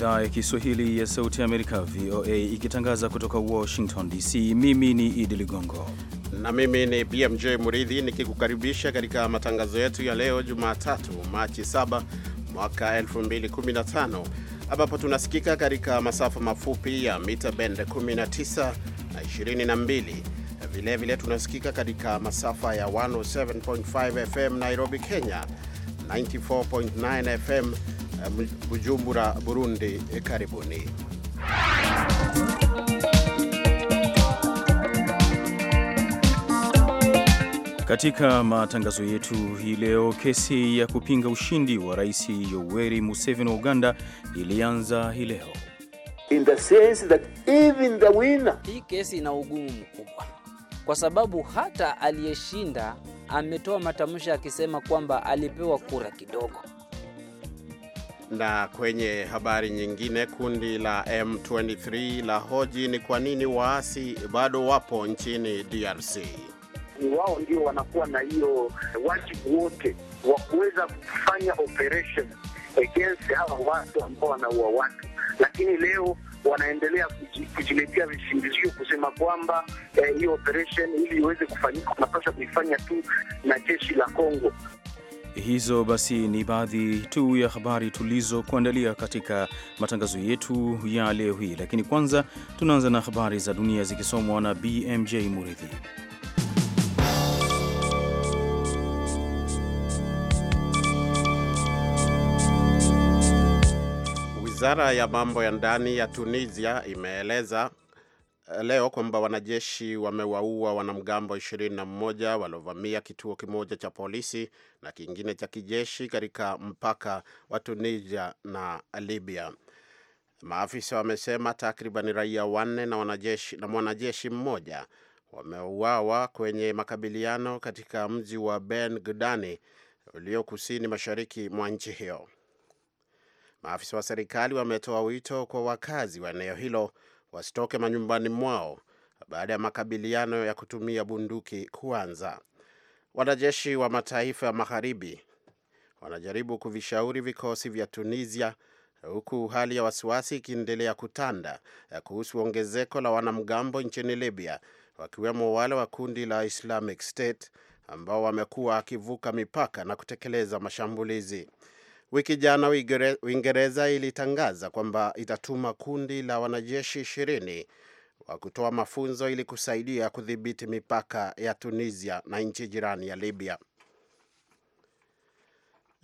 idhaa ya Kiswahili ya Sauti ya Amerika, VOA, ikitangaza kutoka Washington DC. Mimi ni Idi Ligongo na mimi ni BMJ Muridhi nikikukaribisha katika matangazo yetu ya leo Jumatatu, Machi 7 mwaka 2015 ambapo tunasikika katika masafa mafupi ya mita bend 19 na 22. Vilevile tunasikika katika masafa ya 107.5 FM Nairobi, Kenya, 94.9 FM Bujumbura, Burundi. Eh, karibuni. Katika matangazo yetu hii leo, kesi ya kupinga ushindi wa Rais Yoweri Museveni wa Uganda ilianza hii leo. In the sense that even the winner. Hii kesi ina ugumu mkubwa kwa sababu hata aliyeshinda ametoa matamshi akisema kwamba alipewa kura kidogo. Na kwenye habari nyingine, kundi la M23 la hoji ni kwa nini waasi bado wapo nchini DRC. Wao ndio wanakuwa na hiyo wajibu wote wa kuweza kufanya operation against hawa watu ambao wanaua watu, lakini leo wanaendelea kujiletea visingizio kusema kwamba eh, hiyo eh, operation ili iweze kufanyika wanapaswa kuifanya tu na jeshi la Kongo. Hizo basi ni baadhi tu ya habari tulizokuandalia katika matangazo yetu ya leo hii, lakini kwanza tunaanza na habari za dunia zikisomwa na BMJ Muridhi. Wizara ya mambo ya ndani ya Tunisia imeeleza leo kwamba wanajeshi wamewaua wanamgambo 21 waliovamia kituo kimoja cha polisi na kingine cha kijeshi katika mpaka wa Tunisia na Libya. Maafisa wamesema takriban raia wanne na wanajeshi, na mwanajeshi mmoja wameuawa kwenye makabiliano katika mji wa Ben Gudani ulio kusini mashariki mwa nchi hiyo. Maafisa wa serikali wametoa wito kwa wakazi wa eneo hilo wasitoke manyumbani mwao baada ya makabiliano ya kutumia bunduki kuanza. Wanajeshi wa mataifa ya magharibi wanajaribu kuvishauri vikosi vya Tunisia huku hali ya wasiwasi ikiendelea kutanda kuhusu ongezeko la wanamgambo nchini Libya, wakiwemo wale wa kundi la Islamic State ambao wamekuwa wakivuka mipaka na kutekeleza mashambulizi. Wiki jana Uingereza ilitangaza kwamba itatuma kundi la wanajeshi ishirini wa kutoa mafunzo ili kusaidia kudhibiti mipaka ya Tunisia na nchi jirani ya Libya.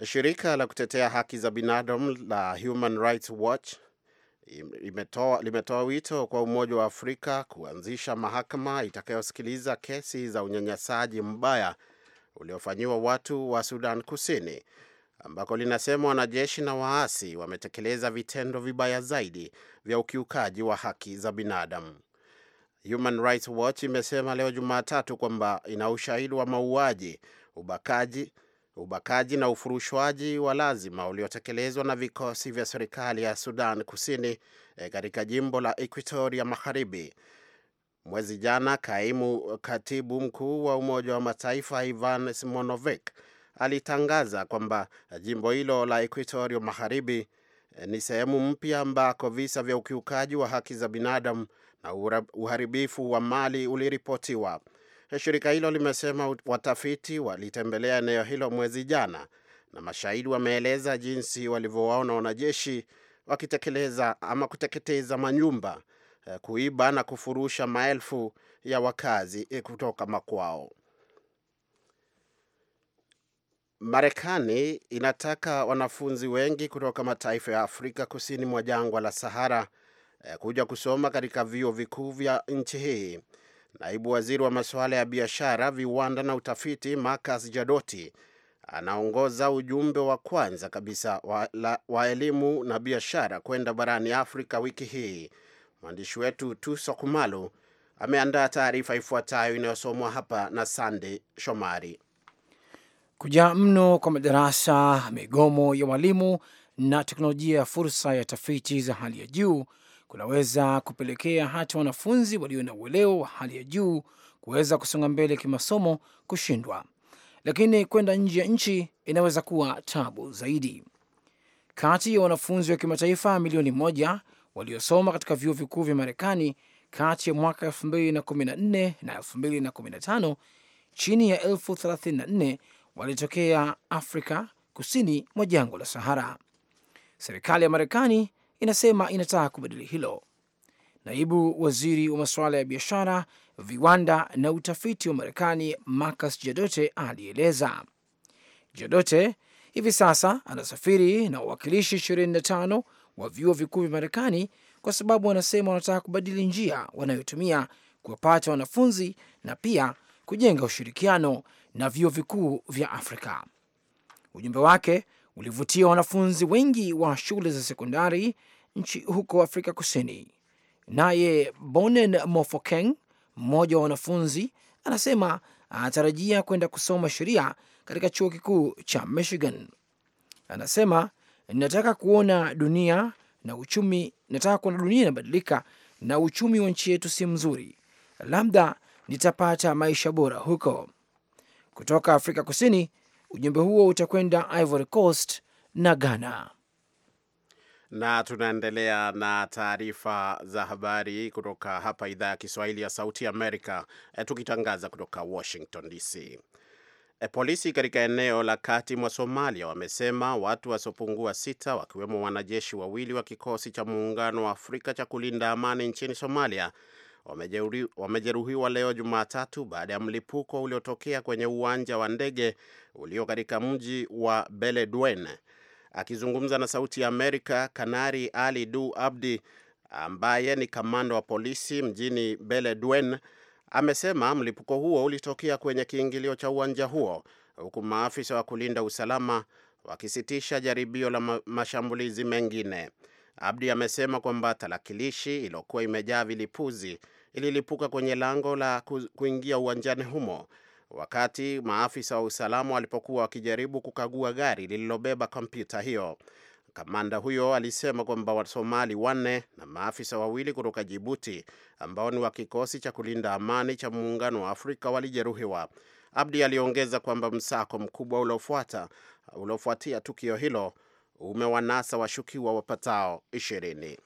Shirika la kutetea haki za binadamu la Human Rights Watch imetoa, limetoa wito kwa Umoja wa Afrika kuanzisha mahakama itakayosikiliza kesi za unyanyasaji mbaya uliofanyiwa watu wa Sudan Kusini ambako linasema wanajeshi na waasi wametekeleza vitendo vibaya zaidi vya ukiukaji wa haki za binadamu. Human Rights Watch imesema leo Jumatatu kwamba ina ushahidi wa mauaji, ubakaji, ubakaji na ufurushwaji wa lazima uliotekelezwa na vikosi vya serikali ya Sudan Kusini e, katika jimbo la Equatoria Magharibi. Mwezi jana, kaimu katibu mkuu wa Umoja wa Mataifa Ivan Simonovic alitangaza kwamba jimbo hilo la Equatorio Magharibi eh, ni sehemu mpya ambako visa vya ukiukaji wa haki za binadamu na uharibifu wa mali uliripotiwa. Eh, shirika hilo limesema watafiti walitembelea eneo hilo mwezi jana, na mashahidi wameeleza jinsi walivyowaona wanajeshi wakitekeleza ama kuteketeza manyumba, eh, kuiba na kufurusha maelfu ya wakazi kutoka makwao. Marekani inataka wanafunzi wengi kutoka mataifa ya Afrika kusini mwa jangwa la Sahara eh, kuja kusoma katika vyuo vikuu vya nchi hii. Naibu waziri wa masuala ya biashara, viwanda na utafiti Marcus Jadoti anaongoza ujumbe wa kwanza kabisa wa, la, wa elimu na biashara kwenda barani Afrika wiki hii. Mwandishi wetu Tuso Kumalo ameandaa taarifa ifuatayo inayosomwa hapa na Sande Shomari. Kujaa mno kwa madarasa, migomo ya walimu na teknolojia ya fursa ya tafiti za hali ya juu kunaweza kupelekea hata wanafunzi walio na uelewa wa hali ya juu kuweza kusonga mbele kimasomo kushindwa, lakini kwenda nje ya nchi inaweza kuwa tabu zaidi. Kati ya wanafunzi wa kimataifa milioni moja waliosoma katika vyuo vikuu vya Marekani kati ya mwaka 2014 na 2015 chini ya elfu 34 walitokea Afrika kusini mwa jangwa la Sahara. Serikali ya Marekani inasema inataka kubadili hilo. Naibu waziri wa masuala ya biashara, viwanda na utafiti wa Marekani Marcus Jadote alieleza. Jadote hivi sasa anasafiri na wawakilishi 25 wa vyuo vikuu vya Marekani kwa sababu wanasema wanataka kubadili njia wanayotumia kuwapata wanafunzi na pia kujenga ushirikiano na vyuo vikuu vya Afrika. Ujumbe wake ulivutia wanafunzi wengi wa shule za sekondari nchi huko Afrika Kusini. Naye Bonen Mofokeng, mmoja wa wanafunzi, anasema anatarajia kwenda kusoma sheria katika chuo kikuu cha Michigan. Anasema nataka kuona dunia na uchumi, nataka kuona dunia inabadilika na uchumi wa nchi yetu si mzuri, labda nitapata maisha bora huko. Kutoka Afrika Kusini, ujumbe huo utakwenda Ivory Coast na Ghana. Na tunaendelea na taarifa za habari kutoka hapa idhaa ya Kiswahili ya Sauti Amerika, eh, tukitangaza kutoka Washington DC. E, eh, polisi katika eneo la kati mwa Somalia wamesema watu wasiopungua sita wakiwemo wanajeshi wawili wa kikosi cha muungano wa Afrika cha kulinda amani nchini Somalia wamejeruhiwa leo Jumatatu baada ya mlipuko uliotokea kwenye uwanja wa ndege ulio katika mji wa Beledweyne. Akizungumza na Sauti ya Amerika, Kanari Ali Du Abdi ambaye ni kamanda wa polisi mjini Beledweyne amesema mlipuko huo ulitokea kwenye kiingilio cha uwanja huo, huku maafisa wa kulinda usalama wakisitisha jaribio la mashambulizi mengine. Abdi amesema kwamba tarakilishi iliyokuwa imejaa vilipuzi ililipuka kwenye lango la kuingia uwanjani humo wakati maafisa wa usalama walipokuwa wakijaribu kukagua gari lililobeba kompyuta hiyo. Kamanda huyo alisema kwamba Wasomali wanne na maafisa wawili kutoka Jibuti ambao ni wa kikosi cha kulinda amani cha Muungano wa Afrika walijeruhiwa. Abdi aliongeza kwamba msako mkubwa uliofuata uliofuatia tukio hilo umewanasa washukiwa wapatao ishirini.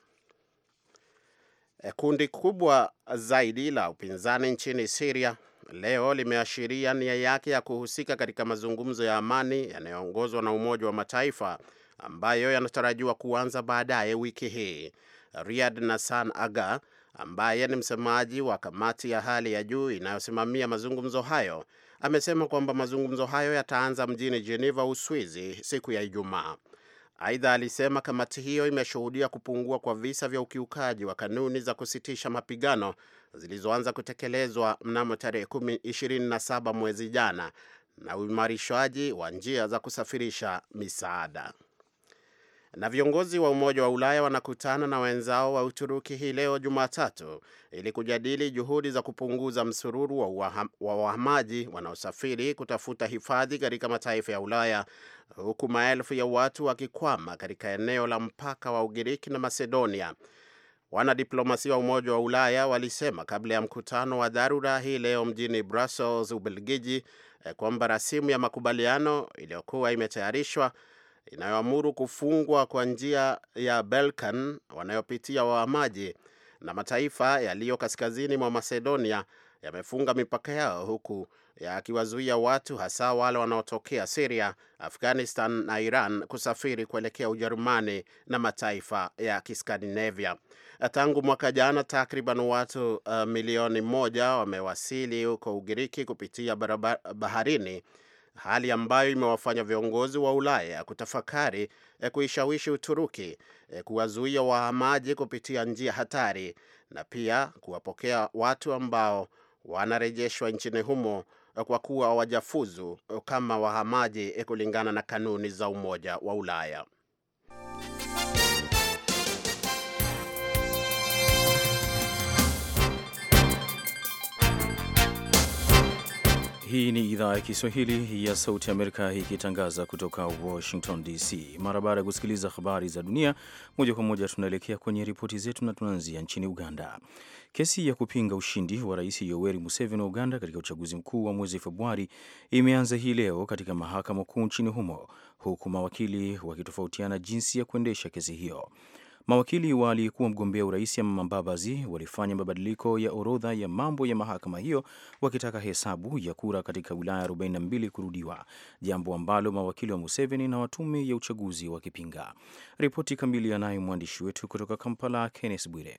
Eh, kundi kubwa zaidi la upinzani nchini Siria leo limeashiria nia yake ya kuhusika katika mazungumzo ya amani yanayoongozwa na Umoja wa Mataifa ambayo yanatarajiwa kuanza baadaye wiki hii. Riad Nasan Aga ambaye ni msemaji wa kamati ya hali ya juu inayosimamia mazungumzo hayo amesema kwamba mazungumzo hayo yataanza mjini Geneva, Uswizi siku ya Ijumaa. Aidha, alisema kamati hiyo imeshuhudia kupungua kwa visa vya ukiukaji wa kanuni za kusitisha mapigano zilizoanza kutekelezwa mnamo tarehe 27 mwezi jana na uimarishwaji wa njia za kusafirisha misaada. Na viongozi wa Umoja wa Ulaya wanakutana na wenzao wa Uturuki hii leo Jumatatu ili kujadili juhudi za kupunguza msururu wa wahamaji wanaosafiri kutafuta hifadhi katika mataifa ya Ulaya huku maelfu ya watu wakikwama katika eneo la mpaka wa Ugiriki na Macedonia. Wanadiplomasia wa Umoja wa Ulaya walisema kabla ya mkutano wa dharura hii leo mjini Brussels, Ubelgiji, eh, kwamba rasimu ya makubaliano iliyokuwa imetayarishwa inayoamuru kufungwa kwa njia ya Balkan wanayopitia wahamaji, na mataifa yaliyo kaskazini mwa Macedonia yamefunga mipaka yao huku yakiwazuia watu hasa wale wanaotokea Siria, Afghanistan na Iran kusafiri kuelekea Ujerumani na mataifa ya Kiskandinavia. Tangu mwaka jana, takriban watu uh, milioni moja wamewasili huko Ugiriki kupitia barabara baharini hali ambayo imewafanya viongozi wa Ulaya kutafakari eh, kuishawishi Uturuki eh, kuwazuia wahamaji kupitia njia hatari na pia kuwapokea watu ambao wanarejeshwa nchini humo eh, kwa kuwa wajafuzu kama wahamaji kulingana na kanuni za Umoja wa Ulaya. Hii ni idhaa ya Kiswahili ya Sauti ya Amerika ikitangaza kutoka Washington DC. Mara baada ya kusikiliza habari za dunia moja kwa moja, tunaelekea kwenye ripoti zetu na tunaanzia nchini Uganda. Kesi ya kupinga ushindi wa Rais Yoweri Museveni wa Uganda katika uchaguzi mkuu wa mwezi Februari imeanza hii leo katika mahakama kuu nchini humo, huku mawakili wakitofautiana jinsi ya kuendesha kesi hiyo. Mawakili wa aliyekuwa mgombea urais Amama Mbabazi walifanya mabadiliko ya orodha ya mambo ya mahakama hiyo wakitaka hesabu ya kura katika wilaya 42 kurudiwa, jambo ambalo mawakili wa Museveni na watume ya uchaguzi wakipinga. Ripoti kamili anayo mwandishi wetu kutoka Kampala, Kenneth Bwire.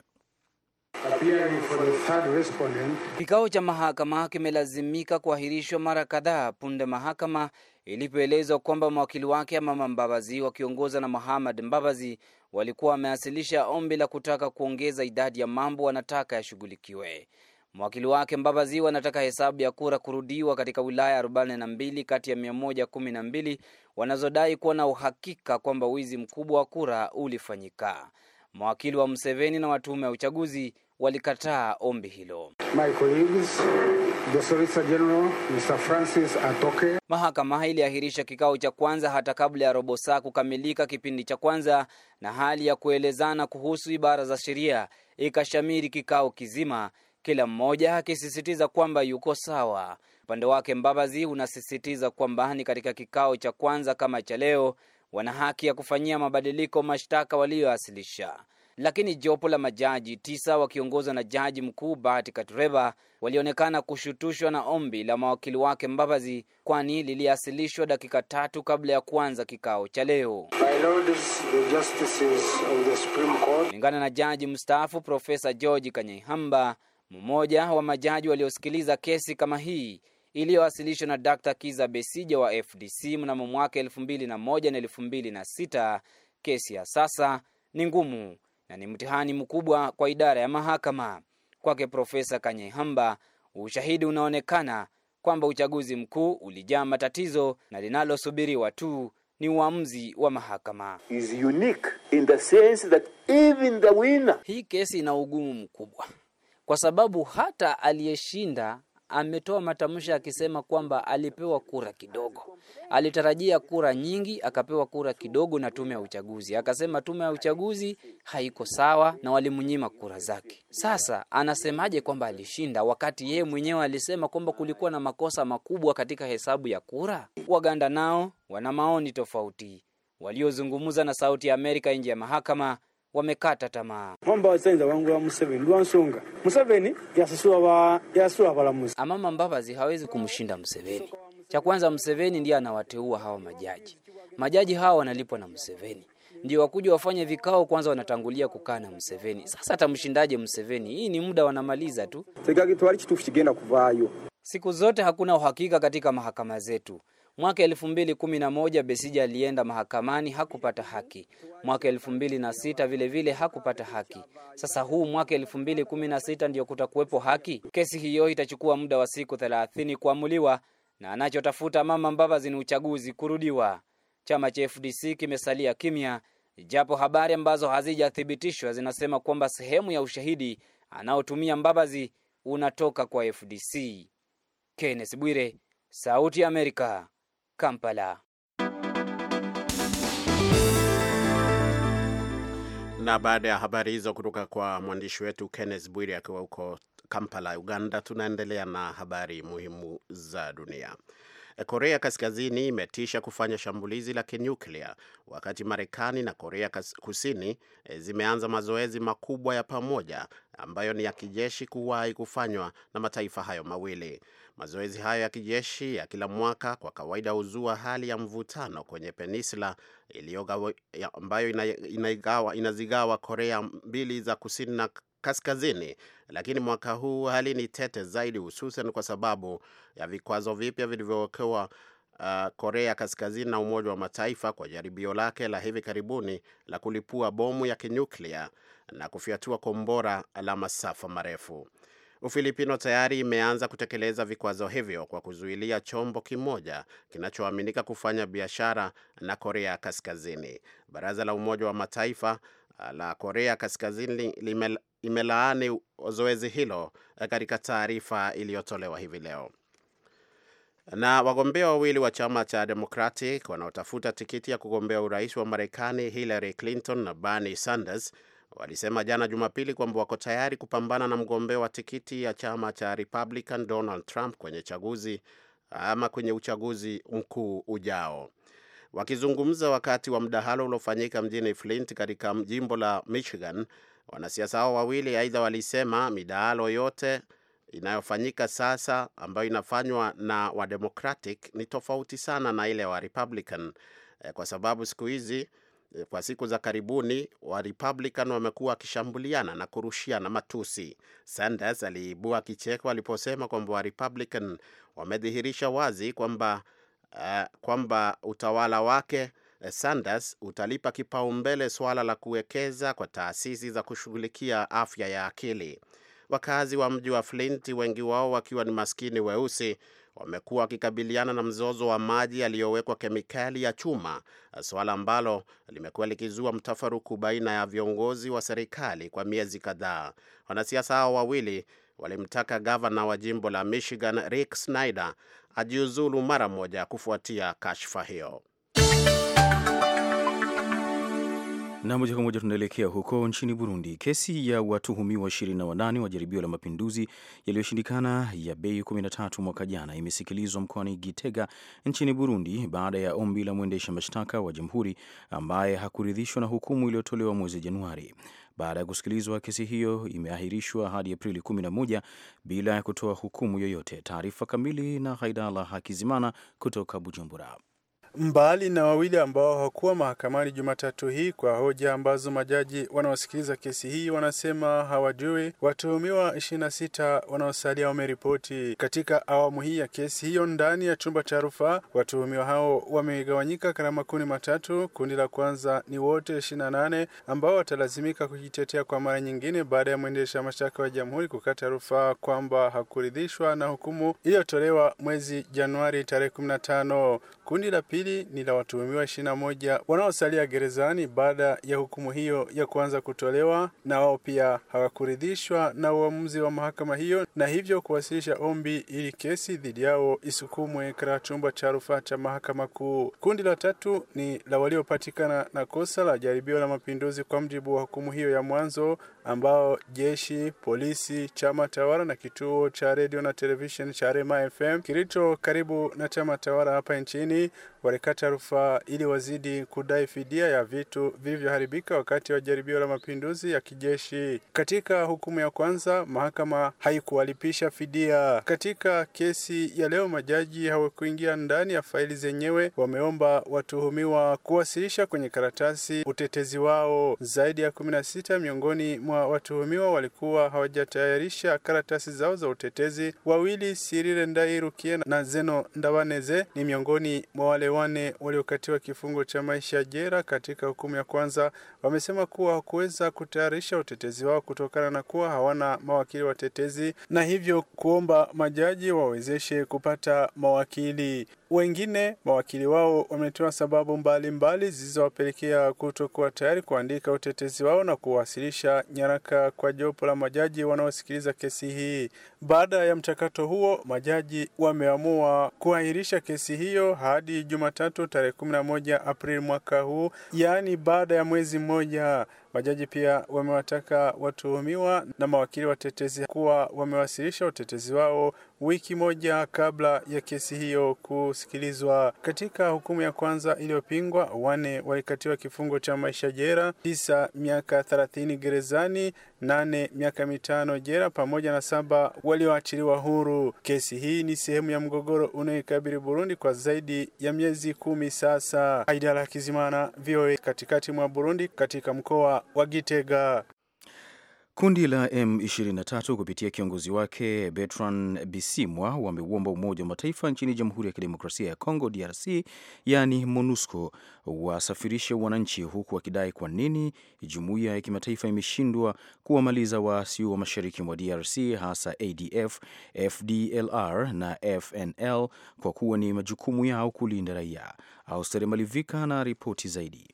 Kikao cha mahakama kimelazimika kuahirishwa mara kadhaa punde mahakama ilipoelezwa kwamba mawakili wake Amama Mbabazi wakiongoza na Muhammad Mbabazi walikuwa wamewasilisha ombi la kutaka kuongeza idadi ya mambo wanataka yashughulikiwe. Mwakili wake Mbabazi wanataka hesabu ya kura kurudiwa katika wilaya 42 kati ya 112 wanazodai kuwa na uhakika kwamba wizi mkubwa wa kura ulifanyika. Mawakili wa Mseveni na watume wa uchaguzi walikataa ombi hilo. Mahakama iliahirisha kikao cha kwanza hata kabla ya robo saa kukamilika kipindi cha kwanza, na hali ya kuelezana kuhusu ibara za sheria ikashamiri kikao kizima, kila mmoja akisisitiza kwamba yuko sawa. Upande wake Mbabazi unasisitiza kwamba ni katika kikao cha kwanza kama cha leo wana haki ya kufanyia mabadiliko mashtaka waliyoasilisha lakini jopo la majaji tisa wakiongozwa na jaji mkuu Bahati Katureba walionekana kushutushwa na ombi la mawakili wake Mbabazi, kwani liliasilishwa dakika tatu kabla ya kuanza kikao cha leo. Kulingana na jaji mstaafu Profesa George Kanyeihamba, mmoja wa majaji waliosikiliza kesi kama hii iliyowasilishwa na Dr. Kiza Besija wa FDC mnamo mwaka 2001 na 2006, kesi ya sasa ni ngumu na ni mtihani mkubwa kwa idara ya mahakama. Kwake Profesa Kanyehamba, ushahidi unaonekana kwamba uchaguzi mkuu ulijaa matatizo na linalosubiriwa tu ni uamuzi wa mahakama. Is unique in the sense that even the winner. Hii kesi ina ugumu mkubwa kwa sababu hata aliyeshinda ametoa matamshi akisema kwamba alipewa kura kidogo, alitarajia kura nyingi, akapewa kura kidogo na tume ya uchaguzi. Akasema tume ya uchaguzi haiko sawa na walimnyima kura zake. Sasa anasemaje kwamba alishinda wakati yeye mwenyewe alisema kwamba kulikuwa na makosa makubwa katika hesabu ya kura? Waganda nao wana maoni tofauti, waliozungumza na Sauti ya Amerika nje ya mahakama wamekata tamaa. Amama Mbabazi hawezi kumshinda Museveni. Cha kwanza, Museveni ndiye anawateua hawa majaji. Majaji hawa wanalipwa na Museveni ndio wakuja wafanye vikao, kwanza wanatangulia kukaa na Museveni. Sasa atamshindaje Museveni? Hii ni muda wanamaliza tu. Siku zote hakuna uhakika katika mahakama zetu. Mwaka 2011 besija alienda mahakamani hakupata haki. Mwaka 2006 vile vile hakupata haki. Sasa huu mwaka 2016 ndio kutakuwepo haki? Kesi hiyo itachukua muda wa siku 30 kuamuliwa na anachotafuta Mama Mbabazi ni uchaguzi kurudiwa. Chama cha FDC kimesalia kimya, japo habari ambazo hazijathibitishwa zinasema kwamba sehemu ya ushahidi anaotumia Mbabazi unatoka kwa FDC. Kenneth Bwire, Sauti ya Amerika. Kampala. Na baada ya habari hizo kutoka kwa mwandishi wetu Kenneth Bwiri akiwa huko Kampala, Uganda, tunaendelea na habari muhimu za dunia. Eh, Korea Kaskazini imetisha kufanya shambulizi la kinyuklia wakati Marekani na Korea Kusini eh, zimeanza mazoezi makubwa ya pamoja ambayo ni ya kijeshi kuwahi kufanywa na mataifa hayo mawili. Mazoezi hayo ya kijeshi ya kila mwaka kwa kawaida huzua hali ya mvutano kwenye peninsula ambayo inazigawa Korea mbili za kusini na kaskazini, lakini mwaka huu hali ni tete zaidi, hususan kwa sababu ya vikwazo vipya vilivyowekewa uh, Korea Kaskazini na Umoja wa Mataifa kwa jaribio lake la hivi karibuni la kulipua bomu ya kinyuklia na kufyatua kombora la masafa marefu. Ufilipino tayari imeanza kutekeleza vikwazo hivyo kwa kuzuilia chombo kimoja kinachoaminika kufanya biashara na Korea Kaskazini. Baraza la Umoja wa Mataifa uh, la Korea Kaskazini imelaani zoezi hilo eh, katika taarifa iliyotolewa hivi leo. Na wagombea wawili wa chama cha Democratic wanaotafuta tikiti ya kugombea urais wa Marekani, Hillary Clinton na Bernie Sanders walisema jana Jumapili kwamba wako tayari kupambana na mgombea wa tikiti ya chama cha Republican Donald Trump kwenye chaguzi ama kwenye uchaguzi mkuu ujao. Wakizungumza wakati wa mdahalo uliofanyika mjini Flint katika jimbo la Michigan, Wanasiasa hao wawili aidha walisema midaalo yote inayofanyika sasa ambayo inafanywa na wa Democratic ni tofauti sana na ile wa Republican e, kwa sababu siku hizi e, kwa siku za karibuni wa Republican wamekuwa wakishambuliana na kurushiana matusi. Sanders aliibua kicheko aliposema kwamba wa Republican wamedhihirisha wazi kwamba uh, kwamba utawala wake Sanders utalipa kipaumbele suala la kuwekeza kwa taasisi za kushughulikia afya ya akili. Wakazi wa mji wa Flint, wengi wao wakiwa ni maskini weusi, wamekuwa wakikabiliana na mzozo wa maji yaliyowekwa kemikali ya chuma, suala ambalo limekuwa likizua mtafaruku baina ya viongozi wa serikali kwa miezi kadhaa. Wanasiasa hao wawili walimtaka gavana wa jimbo la Michigan Rick Snyder ajiuzulu mara moja kufuatia kashfa hiyo. Na moja kwa moja tunaelekea huko nchini Burundi. Kesi ya watuhumiwa 28 wa jaribio la mapinduzi yaliyoshindikana ya Bei 13 mwaka jana imesikilizwa mkoani Gitega nchini Burundi baada ya ombi la mwendesha mashtaka wa jamhuri ambaye hakuridhishwa na hukumu iliyotolewa mwezi Januari. Baada ya kusikilizwa, kesi hiyo imeahirishwa hadi Aprili 11 bila ya kutoa hukumu yoyote. Taarifa kamili na Haidala Hakizimana kutoka Bujumbura mbali na wawili ambao hawakuwa mahakamani Jumatatu hii kwa hoja ambazo majaji wanaosikiliza kesi hii wanasema hawajui, watuhumiwa 26 wanaosalia wameripoti. Katika awamu hii ya kesi hiyo ndani ya chumba cha rufaa, watuhumiwa hao wamegawanyika katika makundi matatu. Kundi la kwanza ni wote 28 ambao watalazimika kujitetea kwa mara nyingine baada ya mwendesha mashtaka wa jamhuri kukata rufaa kwamba hakuridhishwa na hukumu iliyotolewa mwezi Januari tarehe 15. Kundi la pili hili ni la watuhumiwa 21 wanaosalia gerezani baada ya hukumu hiyo ya kuanza kutolewa, na wao pia hawakuridhishwa na uamuzi wa mahakama hiyo, na hivyo kuwasilisha ombi ili kesi dhidi yao isukumwe katika chumba cha rufaa cha mahakama kuu. Kundi la tatu ni la waliopatikana na kosa la jaribio la mapinduzi kwa mjibu wa hukumu hiyo ya mwanzo ambao jeshi, polisi, chama tawala na kituo cha redio na television cha Rema FM kilicho karibu na chama tawala hapa nchini walikata rufaa ili wazidi kudai fidia ya vitu vilivyoharibika wakati wa jaribio la mapinduzi ya kijeshi. Katika hukumu ya kwanza, mahakama haikuwalipisha fidia. Katika kesi ya leo, majaji hawakuingia ndani ya faili zenyewe, wameomba watuhumiwa kuwasilisha kwenye karatasi utetezi wao. Zaidi ya 16 miongoni mwa watuhumiwa walikuwa hawajatayarisha karatasi zao za utetezi. Wawili Sirire rukie na Zeno Ndabaneze ni miongoni mwa wale wane waliokatiwa kifungo cha maisha jera katika hukumu ya kwanza. Wamesema kuwa hawakuweza kutayarisha utetezi wao kutokana na kuwa hawana mawakili watetezi, na hivyo kuomba majaji wawezeshe kupata mawakili. Wengine mawakili wao wametoa sababu mbalimbali zilizowapelekea kutokuwa tayari kuandika utetezi wao na kuwasilisha nyaraka kwa jopo la majaji wanaosikiliza kesi hii. Baada ya mchakato huo, majaji wameamua kuahirisha kesi hiyo hadi Jumatatu tarehe 11 Aprili mwaka huu, yaani baada ya mwezi mmoja. Majaji pia wamewataka watuhumiwa na mawakili watetezi kuwa wamewasilisha utetezi wao wiki moja kabla ya kesi hiyo kusikilizwa. Katika hukumu ya kwanza iliyopingwa, wane walikatiwa kifungo cha maisha jera, tisa miaka 30 gerezani, nane miaka mitano jera pamoja na saba walioachiliwa huru. Kesi hii ni sehemu ya mgogoro unaoikabili Burundi kwa zaidi ya miezi kumi sasa. Aidala Kizimana, VOA, katikati mwa Burundi katika mkoa wa Gitega. Kundi la M23 kupitia kiongozi wake Bertrand Bisimwa wameuomba Umoja wa Mataifa nchini Jamhuri ya Kidemokrasia ya Kongo, DRC, yaani MONUSCO, wasafirishe wananchi, huku wakidai kwa nini jumuiya ya kimataifa imeshindwa kuwamaliza waasi wa mashariki mwa DRC, hasa ADF, FDLR na FNL, kwa kuwa ni majukumu yao kulinda raia. Auster Malivika na ripoti zaidi.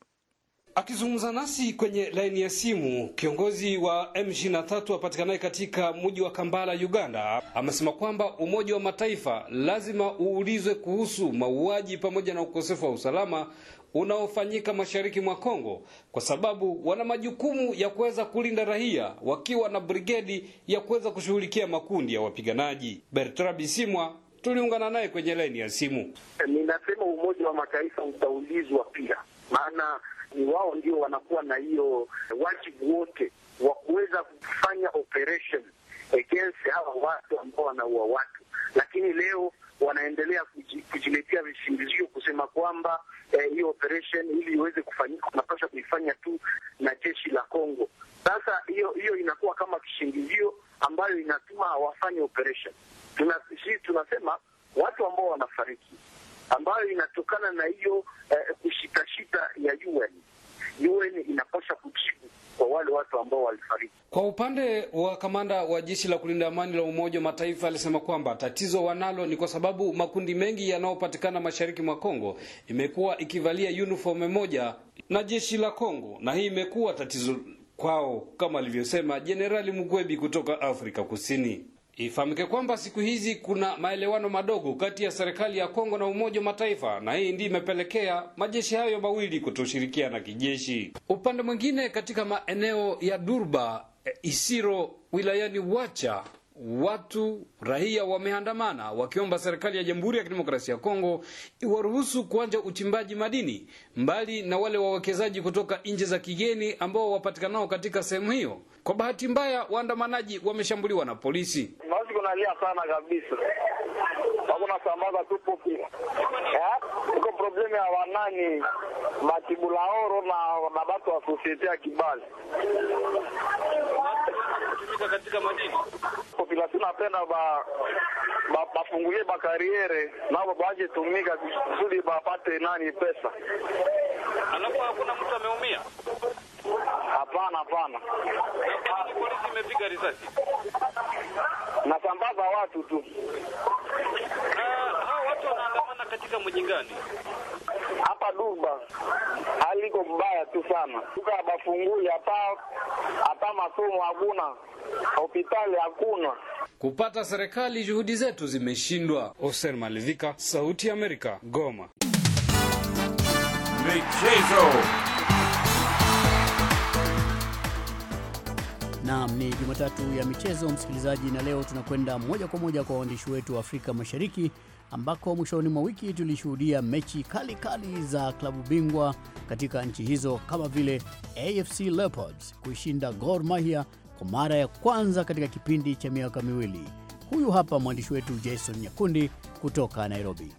Akizungumza nasi kwenye laini ya simu, kiongozi wa M23 apatikanaye katika mji wa Kampala, Uganda, amesema kwamba Umoja wa Mataifa lazima uulizwe kuhusu mauaji pamoja na ukosefu wa usalama unaofanyika mashariki mwa Kongo kwa sababu wana majukumu ya kuweza kulinda raia wakiwa na brigedi ya kuweza kushughulikia makundi ya wapiganaji. Bertrand Bisimwa tuliungana naye kwenye laini ya simu. Ninasema Umoja wa Mataifa utaulizwa pia, maana ni wao ndio wanakuwa na hiyo wajibu wote wa kuweza kufanya operation against hawa watu ambao wanaua watu, lakini leo wanaendelea kujiletea visingizio kusema kwamba eh, hiyo eh, operation ili iweze kufanyika unapasha kuifanya tu na jeshi la Kongo. Sasa hiyo hiyo inakuwa kama kishingizio ambayo inatuma hawafanye operation. Tuna, tunasema watu ambao wanafariki ambayo inatokana na hiyo eh, kushitashita ya UN. UN inapaswa kujibu kwa wale watu ambao walifariki. Kwa upande wa kamanda wa jeshi la kulinda amani la Umoja wa Mataifa alisema kwamba tatizo wanalo ni kwa sababu makundi mengi yanayopatikana mashariki mwa Kongo imekuwa ikivalia uniform moja na jeshi la Kongo, na hii imekuwa tatizo kwao, kama alivyosema Jenerali Mugwebi kutoka Afrika Kusini. Ifahamike kwamba siku hizi kuna maelewano madogo kati ya serikali ya Kongo na Umoja wa Mataifa, na hii ndiyo imepelekea majeshi hayo mawili kutoshirikiana kijeshi. Upande mwingine, katika maeneo ya Durba, eh, Isiro wilayani Wacha watu raia wameandamana wakiomba serikali ya Jamhuri ya Kidemokrasia ya Kongo iwaruhusu kuanja uchimbaji madini, mbali na wale wawekezaji kutoka nchi za kigeni ambao wapatikanao katika sehemu hiyo. Kwa bahati mbaya, waandamanaji wameshambuliwa na polisi. kunalia sana kabisa, hakuna sambaza, tupo iko problemu ya wanani matibulaoro na na batu wa ya Kibali yanayotumika katika madini. Population napenda ba bafungulie ba bakariere nao baje tumika kusudi bapate nani pesa. Alafu hakuna mtu ameumia? Hapana, hapana. Polisi imepiga risasi na sambaza watu tu. Ah, hao watu wanaandamana katika mji gani? hapa Duba haliko mbaya tu sana, duka habafunguli, hapa, hata masomo hakuna, hospitali hakuna. Kupata serikali juhudi zetu zimeshindwa. Osen Malivika, Sauti ya Amerika, Goma. Michezo. Naam, ni Jumatatu ya michezo msikilizaji, na leo tunakwenda moja kwa moja kwa waandishi wetu wa Afrika Mashariki ambako mwishoni mwa wiki tulishuhudia mechi kali kali za klabu bingwa katika nchi hizo kama vile AFC Leopards kuishinda Gor Mahia kwa mara ya kwanza katika kipindi cha miaka miwili. Huyu hapa mwandishi wetu Jason Nyakundi kutoka Nairobi.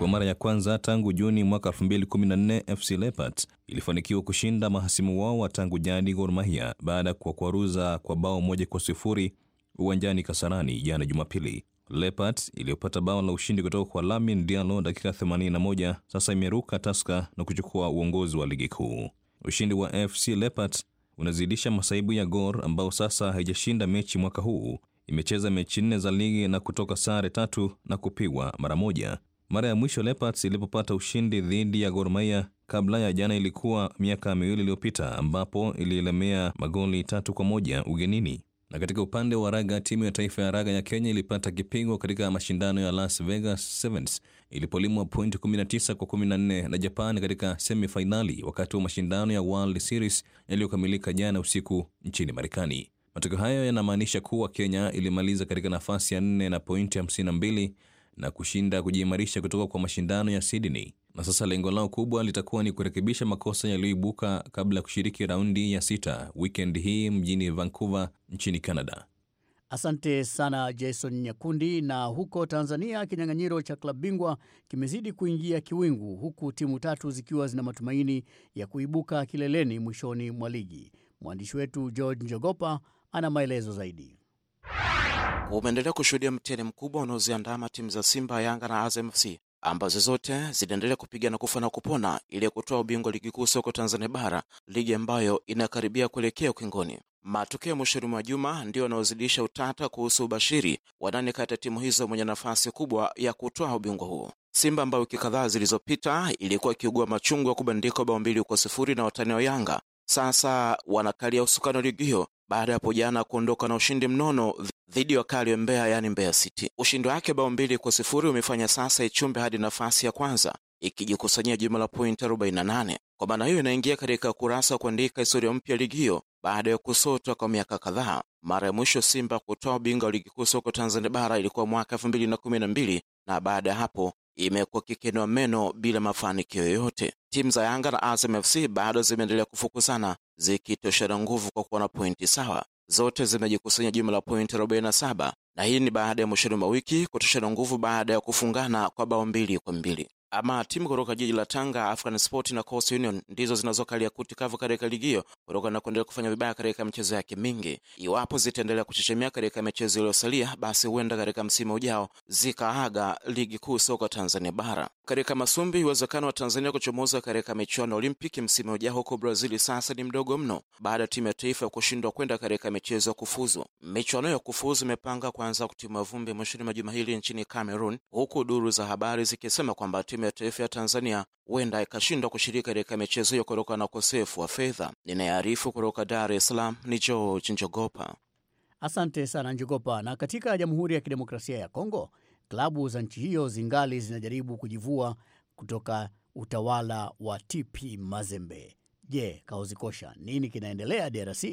Kwa mara ya kwanza tangu Juni mwaka 2014 FC Leopards ilifanikiwa kushinda mahasimu wao wa tangu jadi Gor Mahia baada ya kuwakwaruza kwa bao moja kwa sifuri uwanjani Kasarani jana Jumapili. Leopards iliyopata bao la ushindi kutoka kwa Lamin Diallo dakika 81 sasa imeruka taska na kuchukua uongozi wa ligi kuu. Ushindi wa FC Leopards unazidisha masaibu ya Gor ambao sasa haijashinda mechi mwaka huu. Imecheza mechi nne za ligi na kutoka sare tatu na kupigwa mara moja. Mara ya mwisho Leopards ilipopata ushindi dhidi ya Gor Mahia kabla ya jana ilikuwa miaka miwili iliyopita ambapo ilielemea magoli tatu kwa moja ugenini. Na katika upande wa raga, timu ya taifa ya raga ya Kenya ilipata kipigo katika mashindano ya Las Vegas Sevens ilipolimwa point 19 kwa 14 na Japan katika semifainali wakati wa mashindano ya World Series yaliyokamilika jana usiku nchini Marekani. Matokeo hayo yanamaanisha kuwa Kenya ilimaliza katika nafasi ya nne na pointi 52 na kushinda kujiimarisha kutoka kwa mashindano ya Sydney na sasa lengo lao kubwa litakuwa ni kurekebisha makosa yaliyoibuka kabla ya kushiriki raundi ya sita weekend hii mjini Vancouver nchini Canada. Asante sana Jason Nyakundi. Na huko Tanzania, kinyang'anyiro cha klabu bingwa kimezidi kuingia kiwingu, huku timu tatu zikiwa zina matumaini ya kuibuka kileleni mwishoni mwa ligi. Mwandishi wetu George Njogopa ana maelezo zaidi umeendelea kushuhudia mtihani mkubwa unaoziandama timu za Simba, Yanga na Azam FC ambazo zote zinaendelea kupigana kufa na kupona ili kutoa ubingwa ligi kuu soko Tanzania Bara, ligi ambayo inakaribia kuelekea ukingoni. Matokeo mwishoni mwa juma ndiyo yanayozidisha utata kuhusu ubashiri wa nani kati ya timu hizo mwenye nafasi kubwa ya kutoa ubingwa huo. Simba ambayo wiki kadhaa zilizopita ilikuwa ikiugua machungu ya kubandika bao mbili kwa sifuri na watani wa Yanga, sasa wanakalia usukani wa ligi hiyo baada ya hapo jana kuondoka na ushindi mnono dhidi ya kali Mbeya yani Mbeya City. Ushindi wake bao mbili kwa sifuri umefanya sasa Ichumbe hadi nafasi ya kwanza ikijikusanyia jumla la pointi 48. Kwa maana hiyo inaingia katika kurasa kuandika historia mpya ligi hiyo baada ya kusotwa kwa miaka kadhaa. Mara ya mwisho Simba kutoa ubinga wa ligi kuu soko Tanzania bara ilikuwa mwaka 2012 na baada ya hapo imekuwa kikenwa meno bila mafanikio yoyote. Timu za Yanga na Azam FC bado zimeendelea kufukuzana zikitoshana nguvu kwa kuwa na pointi sawa zote zimejikusanya jumla ya pointi 47 na hii ni baada ya mwishoni mwa wiki kutoshana nguvu baada ya kufungana kwa bao mbili kwa mbili ama timu kutoka jiji la Tanga, African Sport na Coast Union ndizo zinazokalia kuti kavu katika ligi hiyo kutokana na kuendelea kufanya vibaya katika michezo yake mingi. Iwapo zitaendelea kuchechemea katika michezo iliyosalia, basi huenda katika msimu ujao zikaaga ligi kuu soka Tanzania bara. Katika masumbi, uwezekano wa Tanzania kuchomoza katika michuano Olimpiki msimu ujao huko Brazili sasa ni mdogo mno, baada ya timu ya taifa ya kushindwa kwenda katika michezo ya kufuzu. Michuano ya kufuzu imepanga kuanza kutimua vumbi mwishoni mwa juma hili nchini Cameroon, huku duru za habari zikisema kwamba timu timu ya taifa ya Tanzania huenda ikashindwa kushiriki katika michezo hiyo kutokana na ukosefu wa fedha. Ninayearifu kutoka Dar es Salaam ni George Njogopa. Asante sana Njogopa. Na katika Jamhuri ya Kidemokrasia ya Kongo, klabu za nchi hiyo zingali zinajaribu kujivua kutoka utawala wa TP Mazembe. Je, kosha nini kinaendelea DRC?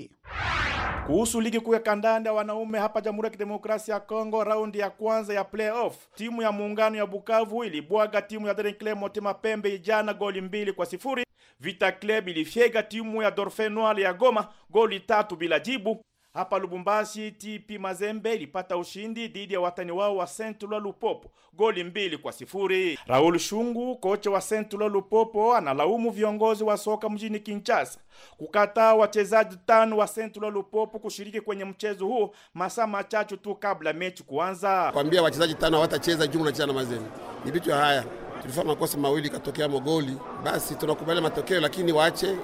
Kuhusu ligi kuu ya kandanda wanaume hapa Jamhuri ya Kidemokrasia ya Kongo, raundi ya kwanza ya playoff, timu ya muungano ya Bukavu ilibwaga timu ya Daring Motema Pembe jana goli mbili kwa sifuri. Vita Club ilifyega timu ya Dorfe ya Goma goli tatu bila jibu. Hapa Lubumbashi, TP Mazembe ilipata ushindi dhidi ya watani wao wa Saint Eloi Lupopo goli mbili kwa sifuri. Raul Shungu, kocha wa Saint Eloi Lupopo, analaumu viongozi wa soka mjini Kinshasa kukataa wachezaji tano wa Saint Eloi Lupopo kushiriki kwenye mchezo huo masaa machache tu kabla mechi kuanza. Kwambia wachezaji tano hawatacheza jumla chana Mazembe. Ni vitu haya. Tulifanya makosa mawili katokea mogoli, Basi tunakubali matokeo lakini waache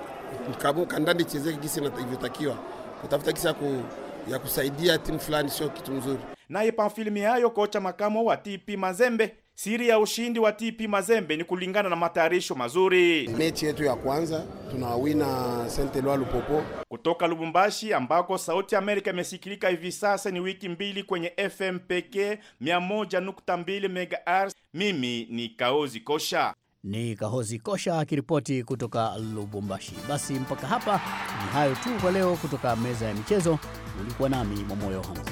mkabu kandani chezeke jinsi inavyotakiwa kutafuta kisa ku, ya kusaidia timu fulani sio kitu mzuri. Naye Pamfili hayo kocha makamo wa TP Mazembe, siri ya ushindi wa TP Mazembe ni kulingana na matayarisho mazuri. Mechi yetu ya kwanza tunawina Saint Eloi Lupopo. Kutoka Lubumbashi ambako sauti Amerika imesikilika hivi sasa ni wiki mbili kwenye FM pekee 100.2 MHz. Mimi ni Kaozi Kosha. Ni Kahozi Kosha akiripoti kutoka Lubumbashi. Basi mpaka hapa ni hayo tu kwa leo kutoka meza ya michezo. Ulikuwa nami Mwamoyo Hamza,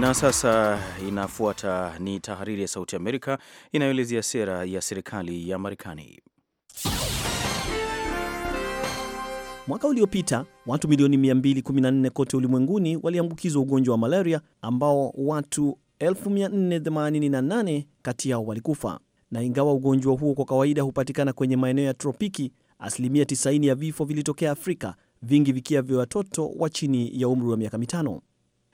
na sasa inafuata ni tahariri ya Sauti Amerika inayoelezea sera ya serikali ya Marekani. Mwaka uliopita watu milioni 214 kote ulimwenguni waliambukizwa ugonjwa wa malaria ambao watu 1488 kati yao walikufa. Na ingawa ugonjwa huo kwa kawaida hupatikana kwenye maeneo ya tropiki, asilimia 90 ya vifo vilitokea Afrika, vingi vikiwa vya watoto wa chini ya umri wa miaka mitano.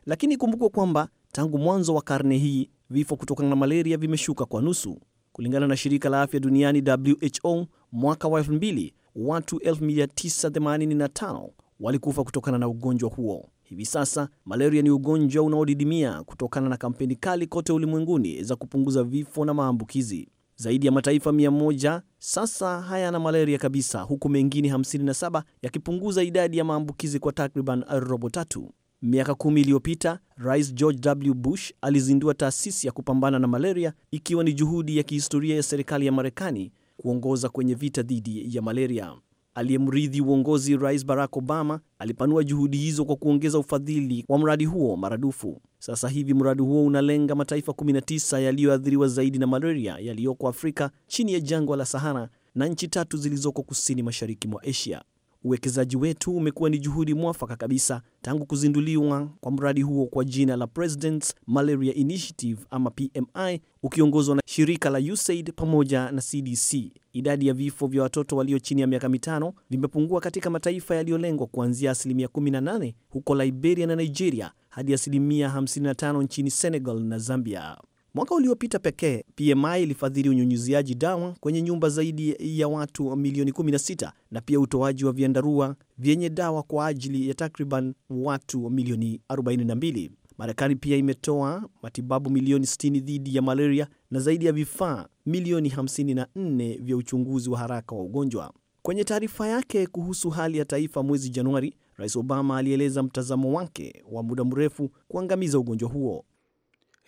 Lakini kumbukwa kwamba tangu mwanzo wa karne hii vifo kutokana na malaria vimeshuka kwa nusu. Kulingana na shirika la afya duniani WHO, mwaka wa 2000 watu 1985 walikufa kutokana na ugonjwa huo. Hivi sasa malaria ni ugonjwa unaodidimia kutokana na kampeni kali kote ulimwenguni za kupunguza vifo na maambukizi. Zaidi ya mataifa 1 sasa hayana malaria kabisa, huku mengine 57 yakipunguza idadi ya maambukizi kwa takriban robo tatu. Miaka kumi iliyopita Rais George W. Bush alizindua taasisi ya kupambana na malaria, ikiwa ni juhudi ya kihistoria ya serikali ya Marekani kuongoza kwenye vita dhidi ya malaria aliyemrithi uongozi Rais Barack Obama alipanua juhudi hizo kwa kuongeza ufadhili wa mradi huo maradufu. Sasa hivi mradi huo unalenga mataifa 19 yaliyoathiriwa zaidi na malaria yaliyoko Afrika chini ya jangwa la Sahara na nchi tatu zilizoko kusini mashariki mwa Asia. Uwekezaji wetu umekuwa ni juhudi mwafaka kabisa tangu kuzinduliwa kwa mradi huo kwa jina la President's Malaria Initiative ama PMI, ukiongozwa na shirika la USAID pamoja na CDC. Idadi ya vifo vya watoto walio chini ya miaka mitano vimepungua katika mataifa yaliyolengwa kuanzia asilimia 18 huko Liberia na Nigeria hadi asilimia 55 nchini Senegal na Zambia. Mwaka uliopita pekee PMI ilifadhili unyunyuziaji dawa kwenye nyumba zaidi ya watu milioni 16 na pia utoaji wa vyandarua vyenye dawa kwa ajili ya takriban watu milioni 42. Marekani pia imetoa matibabu milioni 60 dhidi ya malaria na zaidi ya vifaa milioni 54 vya uchunguzi wa haraka wa ugonjwa. Kwenye taarifa yake kuhusu hali ya taifa mwezi Januari, Rais Obama alieleza mtazamo wake wa muda mrefu kuangamiza ugonjwa huo.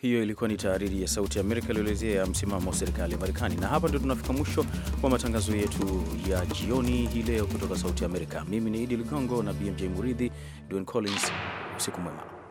Hiyo ilikuwa ni tahariri ya Sauti ya Amerika iliyoelezea msimamo wa serikali ya Marekani. Na hapa ndio tunafika mwisho wa matangazo yetu ya jioni hii leo kutoka Sauti ya Amerika. Mimi ni Idi Ligongo na BMJ Muridhi Dwayne Collins. Usiku mwema.